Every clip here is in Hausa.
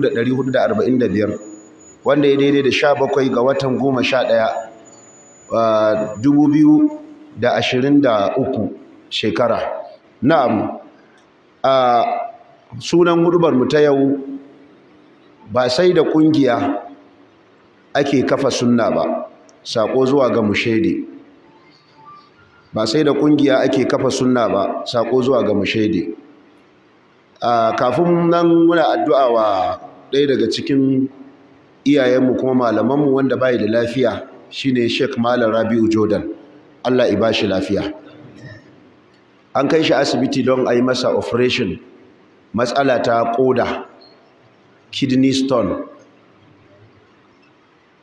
1445 wanda ya daidai da 17 ga watan 11 2023 shekara na'am a sunan hudubar mu ta yau ba sai da kungiya ake kafa sunna ba sako zuwa ga mushedi ba sai da kungiya ake kafa sunna ba sako zuwa ga mushedi kafin nan muna addu'a wa ɗaya daga cikin iyayenmu kuma malamanmu wanda bai da lafiya shine Sheik Malam Rabiu Jordan Allah ya bashi lafiya an kai shi asibiti don a yi masa operation matsala ta koda kidney stone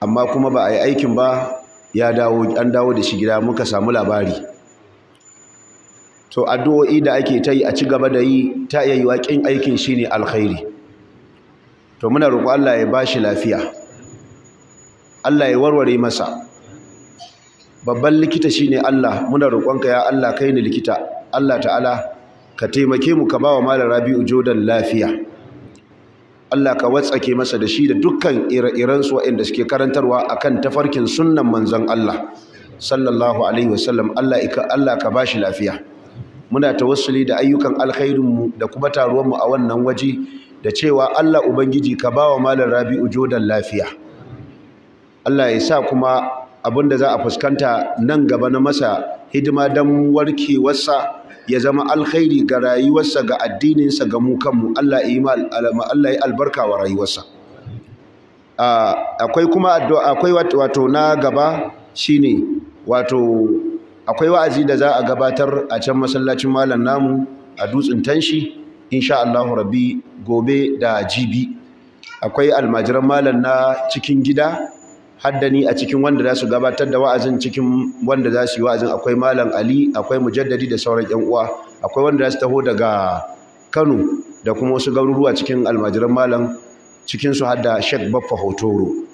amma kuma ba a yi aikin ba ya an dawo da shi gida muka samu labari to addu'o'i da ake ta yi a ci gaba da yi ta iya yiwa ƙin aikin shi ne alkhairi to muna roƙo Allah ya ba shi lafiya Allah ya warware masa babban likita shi ne Allah muna roƙonka ya Allah kai ni likita Allah ta'ala ka taimake mu ka ba wa malar rabi'u jodan lafiya Allah ka watsake masa da shi da dukkan ire-irensu waɗanda suke karantarwa a kan tafarkin sunan manzon Allah sallallahu alaihi wasallam Allah ka ba shi lafiya muna tawassuli da ayyukan alkhairinmu da kuma taruwanmu a wannan waje da cewa Allah Ubangiji ka ba wa Malam Rabi'u jodan lafiya Allah ya sa kuma abin da za a fuskanta nan gaba na masa hidima don warkewarsa ya zama alkhairi ga rayuwarsa ga addininsa ga mu kanmu Allah ya yi albarka wa rayuwarsa ah, akwai kuma wato na gaba ne, wato akwai wa'azi da za a gabatar a can masallacin malam namu a dutsen tanshi insha Allahu rabbi gobe da jibi akwai almajiran malam na cikin gida haddani a cikin wanda za su gabatar da wa'azin cikin wanda za su yi wa'azin akwai malam ali akwai mujaddadi da sauran yan uwa akwai wanda za su taho daga kano da kuma wasu garuruwa cikin almajiran malam cikin su hadda sheikh baffa hotoro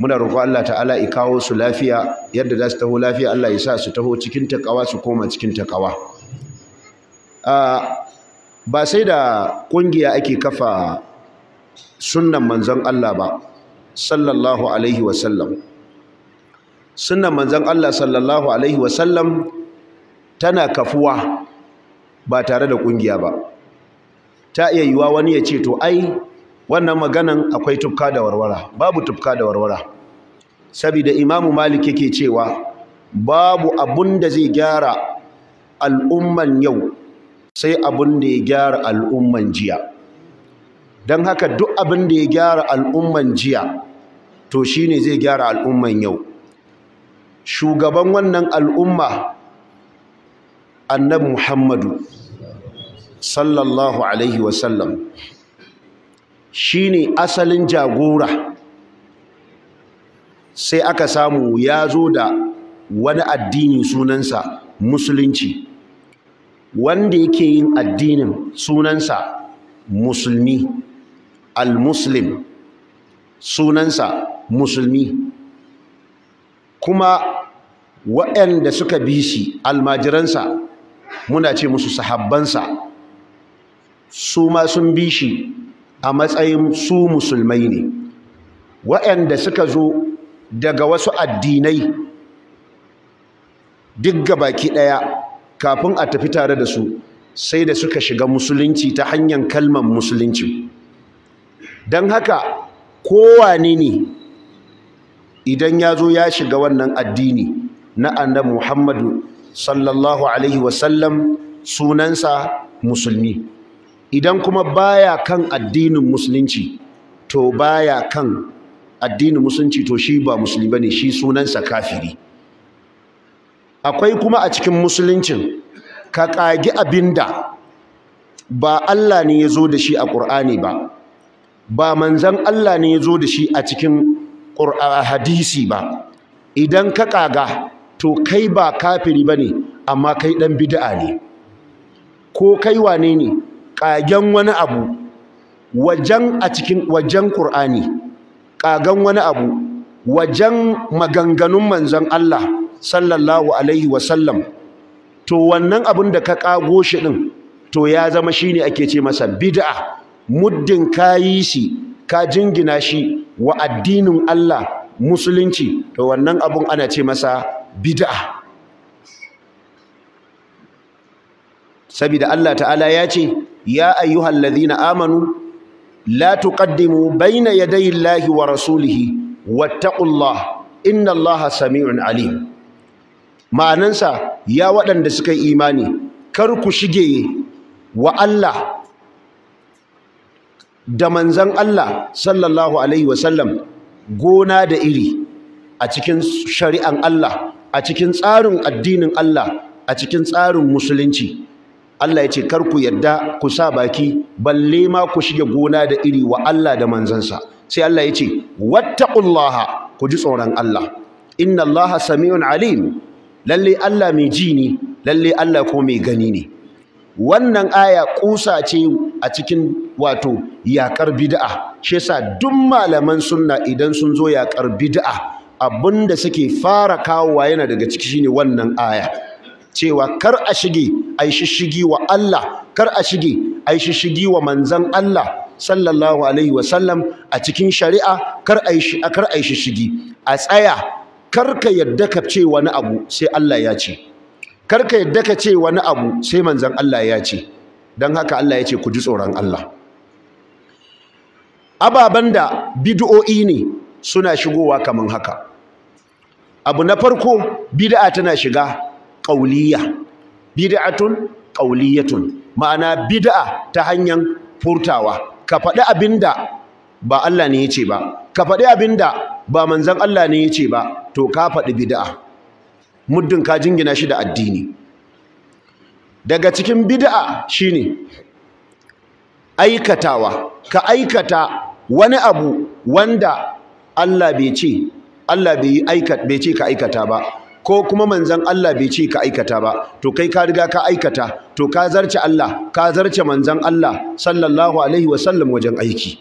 muna roƙo Allah ta'ala i kawo su lafiya yadda za su taho lafiya Allah ya sa su taho cikin takawa su koma cikin takawa ba sai da ƙungiya ake kafa sunnan manzon Allah ba sallallahu alaihi wasallam sunnan manzon Allah sallallahu alaihi wasallam tana kafuwa ba tare da ƙungiya ba ta iya yiwa wani ya ce to ai wannan maganan akwai tufka da warwara babu tufka da warwara saboda imamu malik yake cewa babu abun da zai gyara al'umman yau sai abun da ya gyara al'umman jiya don haka duk abin da ya gyara al'umman jiya to shine zai gyara al'umman yau shugaban wannan al'umma annabi muhammadu sallallahu alaihi wasallam Shi ne asalin jagora sai aka samu ya zo da wani addini sunansa musulunci wanda yake yin addinin sunansa musulmi al-muslim sunansa musulmi kuma waɗanda suka bi shi almajiransa muna ce musu sahabbansa su ma sun bi shi a matsayin su musulmai ne waɗanda suka zo daga wasu addinai duk gabaki ɗaya kafin a tafi tare da su sai da suka shiga musulunci ta hanyar kalmar musulunci don haka kowane ne idan ya zo ya shiga wannan addini na annabi muhammadu sallallahu alaihi wasallam sunansa musulmi idan kuma baya kan addinin musulunci to baya kan addinin musulunci to shi ba musulmi bane shi sunansa kafiri akwai kuma a cikin musuluncin ka kagi abinda ba Allah ne yazo zo da shi a Qur'ani ba ba manzon Allah ne yazo zo da shi a cikin hadisi ba idan ka kaga to kai ba kafiri bane amma kai dan bid'a ne ko kai wane ne ƙagen wani abu wajen a cikin wajen ƙur'ani ƙagen wani abu wajen maganganun manzan Allah sallallahu alaihi wasallam to wannan abin da ka ƙago shi ɗin, to ya zama shi shine ake ce masa bid'a muddin ka yi shi ka jingina shi wa addinin Allah musulunci to wannan abun ana ce masa bid'a Sabida Allah ta'ala ya ce ya ayyuhal ladhina amanu la tuƙaddimo baina yaday lahi wa rasulihi wattaqullaha inna Allaha sami'un alim ma'anansa ya waɗanda suka yi imani kar ku shige wa Allah da manzon Allah sallallahu alaihi wasallam gona da iri a cikin shari'an Allah a cikin tsarin addinin Allah a cikin tsarin musulunci Allah ya ce kar ku yadda ku sa baki balle ma ku shige gona da iri wa Allah da manzansa sai Allah ya ce wattaqullaha ku ji tsoron Allah inna Allaha sami'un alim lalle Allah mai ji ne lalle Allah ko mai gani ne wannan aya kusa ce a cikin wato yakar bid'a shi yasa duk malaman sunna idan sun zo yakar bid'a abinda suke fara kawowa yana daga ciki shine wannan aya cewa kar a shige a yi shishigi wa Allah kar a shige a yi shishigi wa manzan Allah sallallahu alaihi wasallam a cikin shari'a kar a yi shishigi a tsaya kar ka yadda ka ce wani abu sai Allah ya ce kar ka yadda ka ce wani abu sai manzan Allah ya ce don haka Allah ya ce ku ji tsoron Allah ababen da bid'o'i ne suna shigowa kamar haka abu na farko bid'a tana shiga qauliyya bid'atun ƙauliyatun ma'ana bid'a ta hanyar furtawa ka faɗi abinda ba Allah ne yace ba ka faɗi abinda ba manzon Allah ne yace ba to ka faɗi bid'a muddin ka jingina shi da addini daga cikin bid'a shine aikatawa ka aikata wani abu wanda Allah Allah bai ce ka aikata ba ko kuma manzan Allah bai ce ka aikata ba to kai ka riga ka aikata to ka zarce Allah ka zarce manzan Allah sallallahu alaihi wa sallam wajen aiki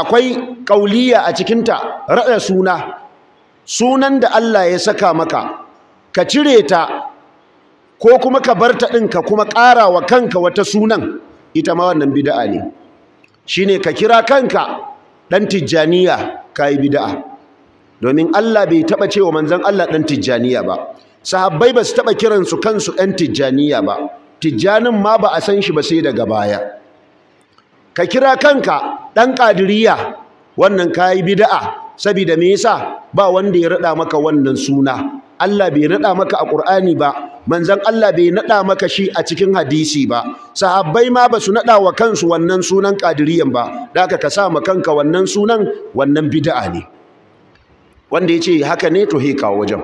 akwai kauliya a cikin ta raɗa suna sunan da Allah ya saka maka ka cire ta ko kuma ka bar ta ɗin ka kuma ƙara wa kanka wata sunan ita ma wannan bida'a ne shine ka kira kanka ɗan tijjaniya ka yi bida'a domin Allah bai taɓa cewa manzan Allah ɗan tijjaniya ba sahabbai ba su taɓa kiransu kansu ɗan tijjaniya ba tijjanin ma ba a san shi ba sai daga baya ka kira kanka ɗan ƙadiriya wannan ka yi bida'a saboda me yasa ba wanda ya raɗa maka wannan suna Allah bai naɗa maka a Ƙur'ani ba manzan Allah bai naɗa maka shi a cikin hadisi ba sahabbai ma ba su naɗa wa kansu wannan sunan ƙadiriyan ba da ka sa ma kanka wannan sunan wannan bida'a ne wanda ya ce haka ne to heka wajen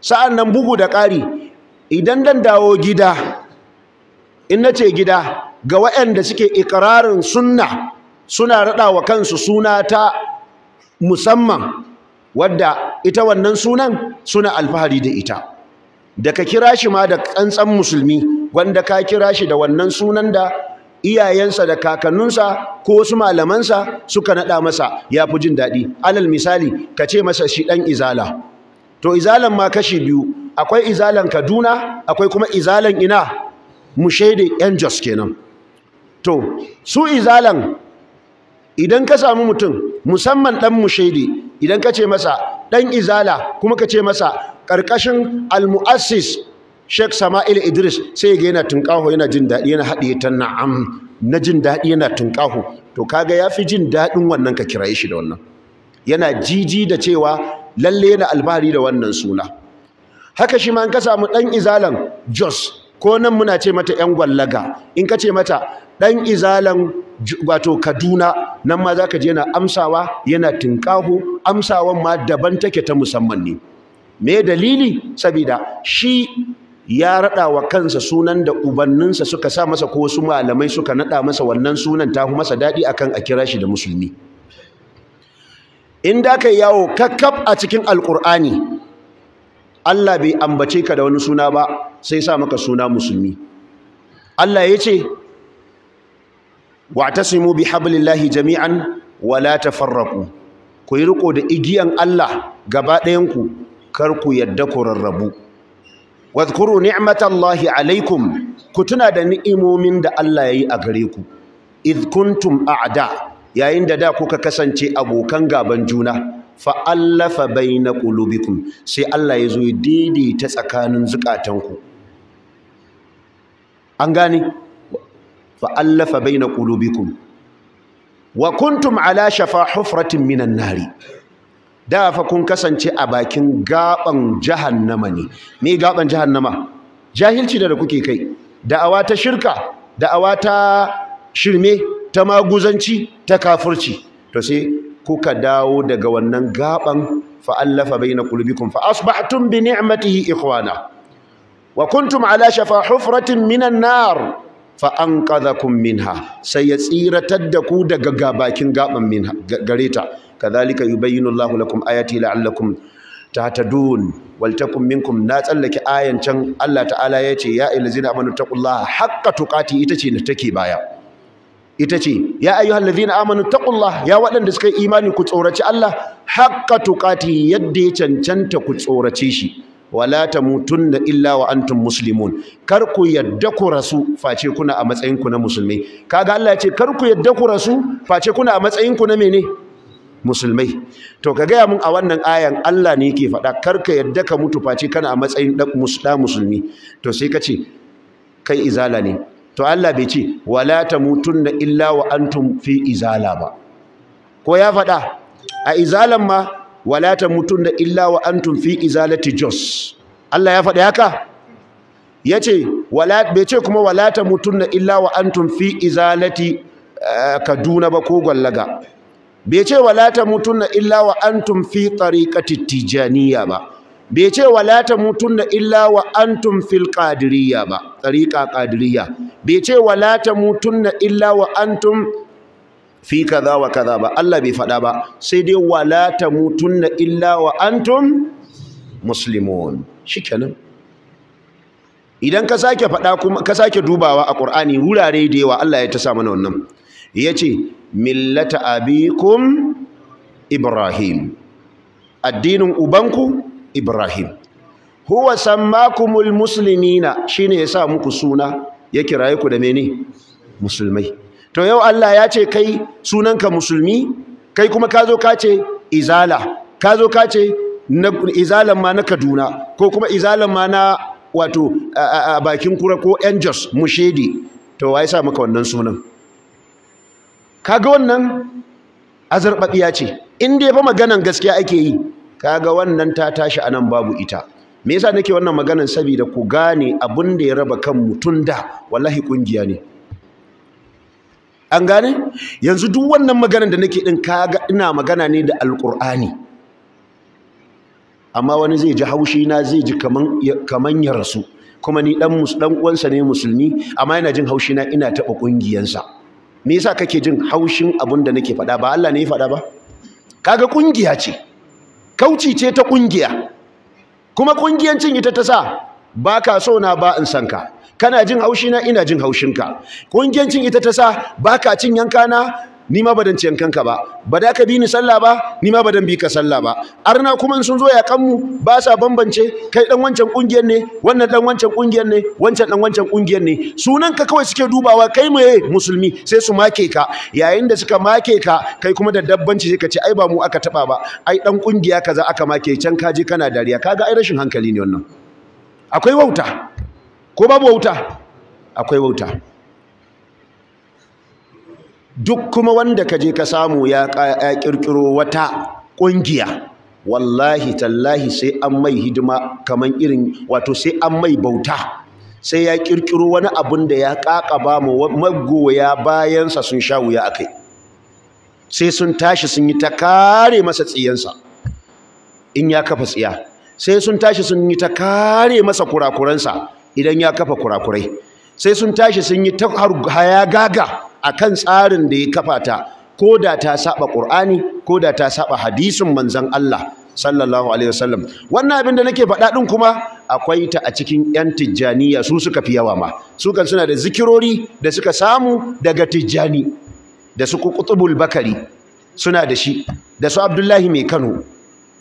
sa'an nan bugu da ƙari idan dan dawo gida in na ce gida ga waɗanda suke ikirarin sunna suna raɗa wa kansu suna ta musamman wadda ita wannan sunan suna alfahari da ita da ka kira shi ma da ƙansan musulmi wanda ka kira shi da wannan sunan da iyayensa da kakanninsa ko wasu malamansa suka naɗa masa ya fi jin daɗi alal misali ka ce masa shi ɗan izala to izalan ma kashi biyu akwai izalan kaduna akwai kuma izalan ina mushaidin yan jos kenan to su izalan idan ka samu mutum musamman ɗan mushaidi idan ka ce masa ɗan izala kuma ka ce masa ƙarƙashin almu'assis Sheikh Sama'il Idris sai ga yana tunƙaho yana jin daɗi yana haɗiye ta na'am na jin daɗi yana tunƙaho to kaga yafi jin daɗin wannan ka kiraye shi da wannan yana jiji da cewa lalle yana albari da wannan suna haka shi ma in ka samu ɗan izalan Jos ko nan muna ce mata ƴan gwallaga in ka ce mata ɗan izalan wato Kaduna nan ma zaka je yana amsawa yana tunƙaho amsawan ma daban take ta musamman ne me dalili saboda shi ya raɗa wa kansa sunan da ubanninsa suka sa masa ko wasu malamai suka naɗa masa wannan sunan ta masa daɗi akan a kira shi da musulmi in da ka yawo kakkaf a cikin alƙur'ani Allah bai ambace ka da wani suna ba sai sa maka suna musulmi Allah ya ce wa'tasimu bihablillahi jami'an wala tafarraqu ku yi riko da igiyan Allah gaba ɗayan ku kar ku yadda ku rarrabu wadhkuru ni'matallahi alaikum ku tuna da ni'imomin da Allah yayi a gare ku id kuntum a'da yayin da da kuka kasance abokan gaban juna fa'allafa baina qulubikum sai Allah ya zo ya daidaita tsakanin zukatanku an gane fa'allafa baina qulubikum wa kuntum ala shafa hufratin minan nari da fa kun kasance a bakin gaban jahannama ne me gaban jahannama jahilci da kuke kai Da ta shirka da'awa ta shirme ta maguzanci ta kafurci. to sai kuka dawo daga wannan gaban fa'allafa baina qulubikum fa asbahtum bi ni'matihi ikhwana wa kuntum ala shafa hufratin minan nar fa anqadhakum minha sai ya tsiratar da ku daga gabakin gaban minha Ka kadhalika yi Allahu lakum ayati la'allakum tahtadun wal takum minkum na tsallake ayan can Allah ta'ala ce, ya ayyuhallazina amanu taqullaha haqqa tuqati ita ce take baya ita ce ya ayyuhallazina amanu taqullaha ya waɗanda suka yi imani ku tsoraci Allah haqqa tuqati yadda ya cancanta ku tsorace shi wala tamutunna illa wa antum muslimun kar ku yadda ku rasu face kuna a matsayin ku na musulmai kaga Allah ya ce kar ku yadda ku rasu face kuna a matsayin ku na mene musulmai to ka gaya mun a wannan ayan Allah ne yake faɗa kar ka yadda ka mutu face kana a matsayin ɗan musulmi to sai ka ce kai izala ne to Allah bai ce wala tamutunna illa wa antum fi izala ba ko ya faɗa a izalan ma Walata mutum da illa wa antum fi izalati jos Allah ya faɗi haka Ya ce bai ce kuma walata mutum da illa wa antum fi izalati eh, Kaduna ba ko Gwallaga bai ce walata mutum da illa wa antum fi tariqati tijaniya ba bai ce walata mutum da illa wa antum fi qadiriyya ba tariqa ƙadiriya? bai ce walata mutum da illa wa antum fi kaza wa kaza ba Allah bai faɗa ba sai dai wala tamutunna illa wa antum muslimun shikenan idan ka sake faɗa kuma ka sake dubawa a Qur'ani wurare da yawa Allah ya ta sa mana wannan yace millata abikum Ibrahim addinin ubanku Ibrahim huwa sammakumul muslimina shine sa muku suna ya kiraye ku da meni musulmai to yau Allah ya ce kai sunanka musulmi kai kuma ka zo ka ce izala ka zo ka ce izalan ma na Kaduna ko kuma izalan ma na wato a bakin kura ko Jos mushedi to wai sa maka wannan sunan kaga wannan azarbabiya ce Inda ya fa maganan gaskiya ake yi ka ga wannan ta tashi a nan babu ita me yasa nake wannan maganan saboda ku gane abin da ya raba kan tun da wallahi ƙungiya ne an gane yanzu duk wannan maganar da nake din kaga ina magana ne da alqur'ani amma wani zai ji haushi na zai ji kaman kaman ya rasu kuma ni dan mus dan uwansa ne musulmi amma yana jin haushi na ina taba kungiyansa me yasa kake jin haushin abun da nake faɗa ba Allah ne ya faɗa ba kaga kungiya ce kauci ce ta kungiya kuma kungiyancin ita ta sa baka so na ba in sanka kana jin haushi na ina jin haushin haushinka kungiyancin ita ta sa baka cin yanka na ni ma badan ci yankanka ba ba da ka bi ni sallah ba ni ma badan bi ka sallah ba arna kuma sun zo yakan mu ba sa bambance kai dan wancan kungiyar ne wannan dan wancan kungiyar ne wancan dan wancan kungiyar ne sunan ka kawai suke dubawa kai mu eh musulmi sai su make ka yayin da suka make ka kai kuma da dabbanci sai ka ce ai ba mu aka taba ba ai dan kungiya kaza aka make can ka je kana dariya kaga ai rashin hankali ne wannan akwai wauta ko babu wauta akwai wauta duk kuma wanda ka je ka samu ya kirkiro wata ƙungiya wallahi tallahi sai an mai hidima kamar irin wato sai an mai bauta sai ya kirkiro wani abun da ya ƙaƙaba mu magoya bayansa sun sha wuya akai sai sun tashi sun yi ta kare masa tsiyansa in ya kafa tsiya sai sun tashi sun yi ta kare masa kurakuransa idan ya kafa kurakurai sai sun tashi sun yi ta a kan tsarin da ya kafa ta ko da ta saba Qur'ani ko da ta saba hadisin manzon Allah sallallahu alaihi wasallam wannan abin da nake faɗa din kuma akwai ta a cikin yan tijjaniya su suka fi yawa ma su kan suna da zikirori da suka samu daga tijjani da su qutubul bakari suna da shi da su abdullahi mai kano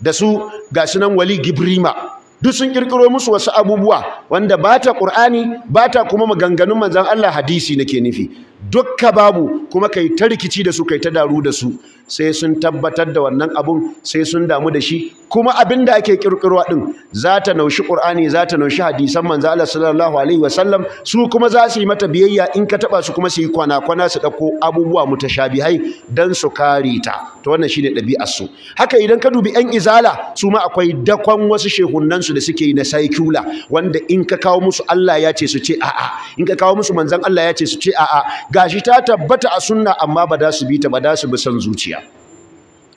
da su ga sunan wali gibrima duk sun kirkiro musu wasu abubuwa wanda ba ta ƙur'ani ba ta kuma maganganun manzan Allah hadisi nake nufi dukka babu kuma kai ta rikici da su kai ta daru da su sai sun tabbatar da wannan abun sai sun damu da shi kuma abin da ake kirkirwa din za ta naushi qur'ani za ta naushi hadisan manzo Allah sallallahu alaihi wasallam su kuma za su yi mata biyayya in ka taba su kuma su yi kwana kwana su dauko abubuwa mutashabihai dan su kare ta to wannan shine dabi'ar su haka idan ka dubi yan izala su ma akwai dakon wasu shehunnan su da suke yi na saikula wanda in ka kawo musu Allah ya ce su ce a'a in ka kawo musu manzon Allah ya ce su ce a'a gashi ta tabbata a sunna amma ba da su bi ta ba da su bi san zuciya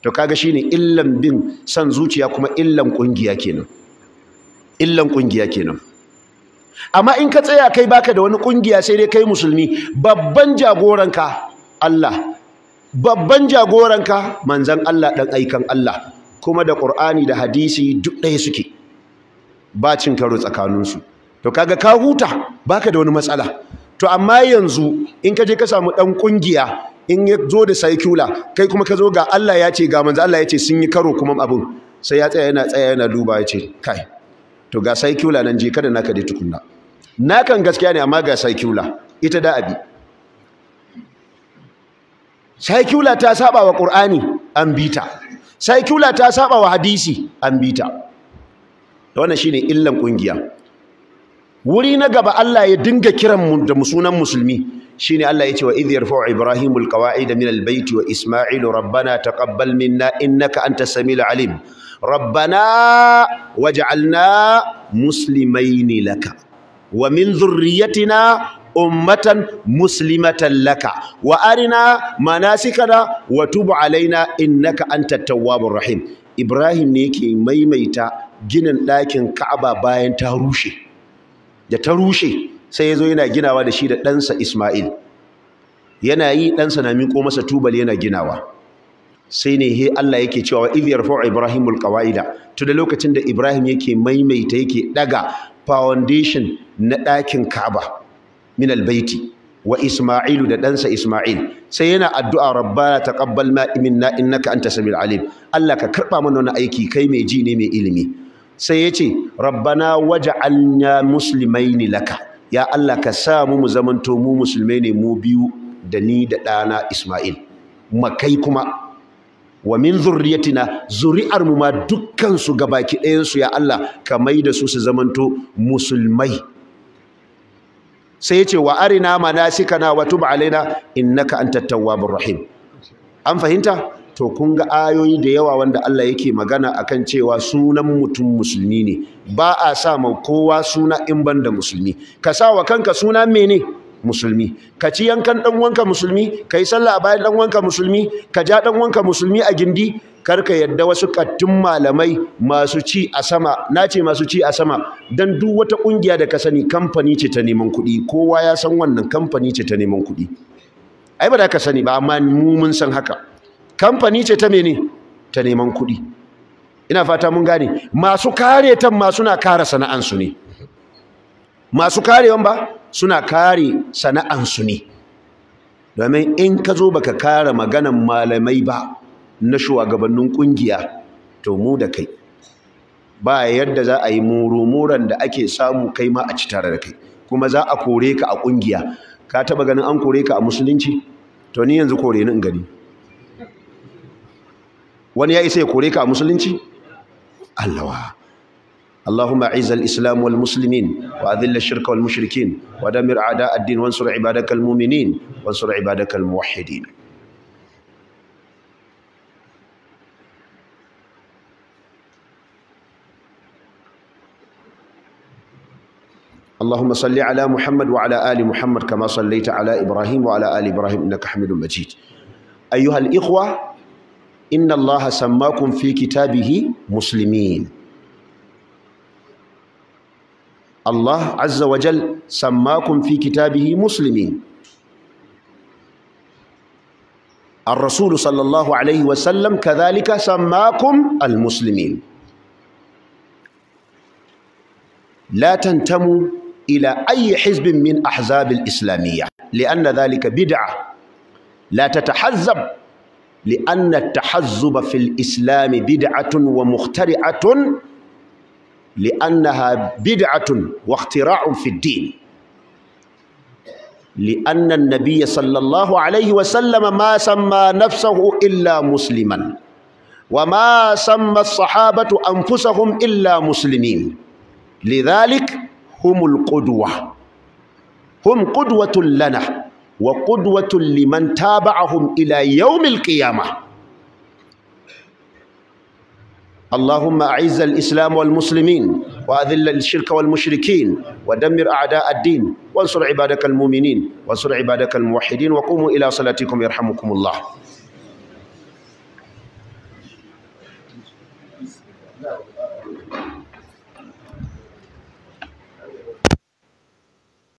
to kaga shine illan bin san zuciya kuma illan kungiya kenan illan kungiya kenan amma in ka tsaya kai baka da wani kungiya sai dai kai musulmi babban jagoranka Allah babban jagoranka manzon Allah dan aikan Allah kuma da Qur'ani da hadisi duk ɗaya suke ba cin karo tsakaninsu to kaga ka huta baka da wani matsala to amma yanzu in ka je ka samu dan kungiya in ya zo da circular kai kuma ka zo ga Allah ya ce ga manzo Allah ya ce sun yi karo kuma abun sai ya tsaya yana tsaya yana duba ya ce kai to ga circular nan je kada naka dai tukunna kan gaskiya ne amma ga circular ita da abi circular ta saba wa qur'ani an bita circular ta saba wa hadisi an bita wannan shine illan kungiya wuri na gaba Allah ya dinga kiran mu da sunan musulmi shine Allah ce wa idh yarfa'u ibrahimu lkawaida min albayt wa isma'ilu rabbana taqabbal minna innaka antas samiul alim rabbana waj'alna muslimain laka wa min dhurriyyatina ummatan muslimatan laka wa arina manasikana wa tub alaina innaka antat tawwabur rahim Ibrahim ne yake maimaita ginin ɗakin Ka'aba bayan ta rushe da ta rushe sai ya zo yana ginawa da shi da ɗansa Ismail yana yi ɗansa na miƙo masa tubal yana ginawa sai ne he Allah yake cewa idh yarfa'u ibrahimu alqawaida to da lokacin da Ibrahim yake maimaita yake daga foundation na ɗakin Ka'aba min albaiti wa Isma'ilu da ɗansa Isma'il sai yana addu'a rabbana taqabbal ma minna innaka antas samil alim Allah ka karɓa mana wani aiki kai mai ji ne mai ilimi sai ya ce rabbana musulmai ne laka ya Allah ka sa mu mu zamanto mu musulmai ne mu biyu da ni da ɗana Isma'il makai kuma wa min zurriyatina zuri'ar mu ma dukkan su baki ɗayansu su ya Allah ka maida su su zamanto musulmai sai ya ce wa arina manasikana wa tub alaina innaka antat tawwabur rahim an fahimta to kun ga ayoyi da yawa wanda Allah yake magana akan cewa sunan mutum musulmi ne ba a sa ma kowa suna in banda musulmi ka sa wa kanka suna mene musulmi ka ci yankan dan wanka musulmi ka yi sallah a bayan dan wanka musulmi ka ja dan wanka musulmi a gindi kar ka yadda wasu kattun malamai masu ci a sama na ce masu ci a sama dan duk wata kungiya da ka sani kamfani ce ta neman kuɗi kowa ya san wannan kamfani ce ta neman kuɗi ai ba da ka sani ba amma mu mun san haka kamfani ce ta mene ta neman kuɗi ina fata mun gane masu kare ta masu na kare sana'ansu ne masu karewan ba suna kare sana'ansu ne domin in ka zo baka kare maganan malamai ba na shugabannin kungiya to mu da kai ba yadda za a yi murumuran da ake samu kai ma a ci tare da kai kuma za a kore ka a kungiya ka taba ganin an kore ka a musulunci to ni yanzu kore ni in gani wani ya isa ya kore ka a musulunci allawa اللهم اعز الاسلام والمسلمين واذل الشرك والمشركين ودمر اعداء الدين وانصر عبادك المؤمنين وانصر عبادك الموحدين اللهم صل على محمد وعلى ال محمد كما صليت على ابراهيم وعلى ال ابراهيم انك حميد مجيد ايها الاخوه إن الله سماكم في كتابه مسلمين الله عز وجل سماكم في كتابه مسلمين الرسول صلى الله عليه وسلم كذلك سماكم المسلمين لا تنتموا إلى أي حزب من أحزاب الإسلامية لأن ذلك بدعة لا تتحزب لأن التحزب في الإسلام بدعة ومخترعة لأنها بدعة واختراع في الدين لأن النبي صلى الله عليه وسلم ما سمى نفسه إلا مسلما وما سمى الصحابة أنفسهم إلا مسلمين لذلك هم القدوة هم قدوة لنا wa qudwatun liman taba'ahum ila yawmil qiyamah اللهم أعز الإسلام والمسلمين وأذل الشرك والمشركين ودمر أعداء الدين وانصر عبادك المؤمنين وانصر عبادك الموحدين وقوموا إلى صلاتكم يرحمكم الله